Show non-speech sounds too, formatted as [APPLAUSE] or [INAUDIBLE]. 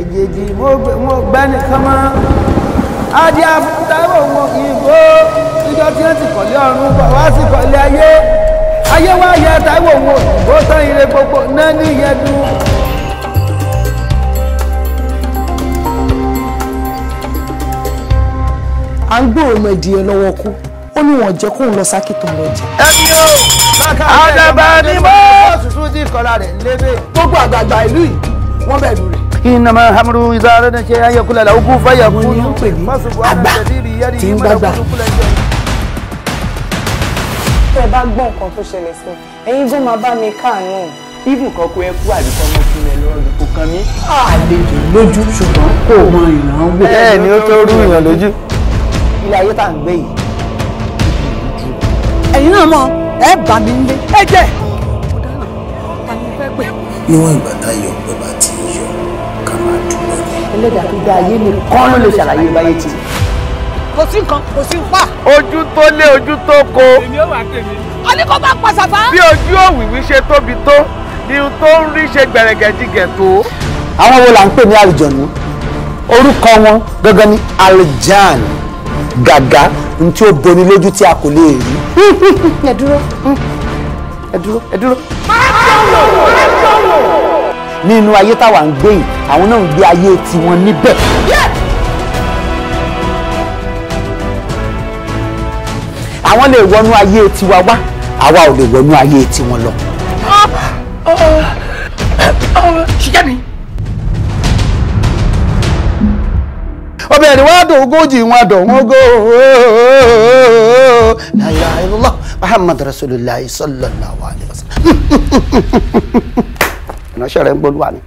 èjèèjì wọn gbẹ́ nìkan mọ́ adi afúntáwò wọn kì í ìjọ tí wọ́n ti kọ̀lé ọ̀run wá sí kọ̀lé ayé ayé wá yẹ táwò wọn òyìnbó tán ire gbogbo náà ní ìyẹdùn. ń gbé ọmọ ìdíyẹ lọ́wọ́ kú ó ní wọn jẹ kóun lọ sákì tó ń lọ jẹ. ẹni o àdàbà ni mo. tuntun ti kọ́ra rẹ̀ lébè. gbogbo àgbààgbà ìlú yìí wọ́n bẹ̀rù rẹ̀ ìnàmà hamru ìzára ní ṣe ayẹkulẹ̀ làwùkú fàyà kú ní àgbà tí ń gbàgbà. tẹ́ ẹ bá gbọ́ nǹkan tó ṣẹlẹ̀ sí ẹ̀yin jẹ́ máa bá mi káàánú. ibùn kan kó ẹ kú àdìkọ́ ọmọ fún mi lọ́rùn kò kàn mí. àlejò lójú ṣùgbọ́n kò mọ ìrànwọ́. bẹ́ẹ̀ ni ó tó rú ìyàn lójú. ilé ayé tá à ń gbé yìí. ẹ̀yin náà mọ̀ ẹ bà mí nílé ẹ jẹ́. níwọ̀n ìgbà tá a yọ ẹlẹ́dàá tó dá ayé nìkan ló lè ṣàlàyé báyé ti. kò sí nǹkan kò sí pa. ojú tó lé ojú tó ko. èmi ò wá tèmi. ó ní kó bá pa sàfá. bí ojú òwìwí ṣe tóbi tó ni ohun tó ń rí ṣe gbẹ̀rẹ̀gẹ̀jigẹ̀ tó. àwọn wo là ń pè ní àlùjọ̀nù orúkọ wọn gangan ni alijan gàgà ní tí ó boni lójú tí a kò lè rí. ẹ dúró ẹ dúró ẹ dúró. má a jẹun lò nínú ayé táwa ń gbé yìí àwọn náà ń gbé ayé tiwọn níbẹ̀. àwọn lè wọnú ayé tiwa wá àwa ò lè wọnú ayé tiwọn lọ. obìnrin wa dùn ogójì wọn dùn wọn muhammad rasulillah sallallahu alaihi wasallam. [LAUGHS] ìránṣẹ́ rẹ̀ ń gbólúwa ni.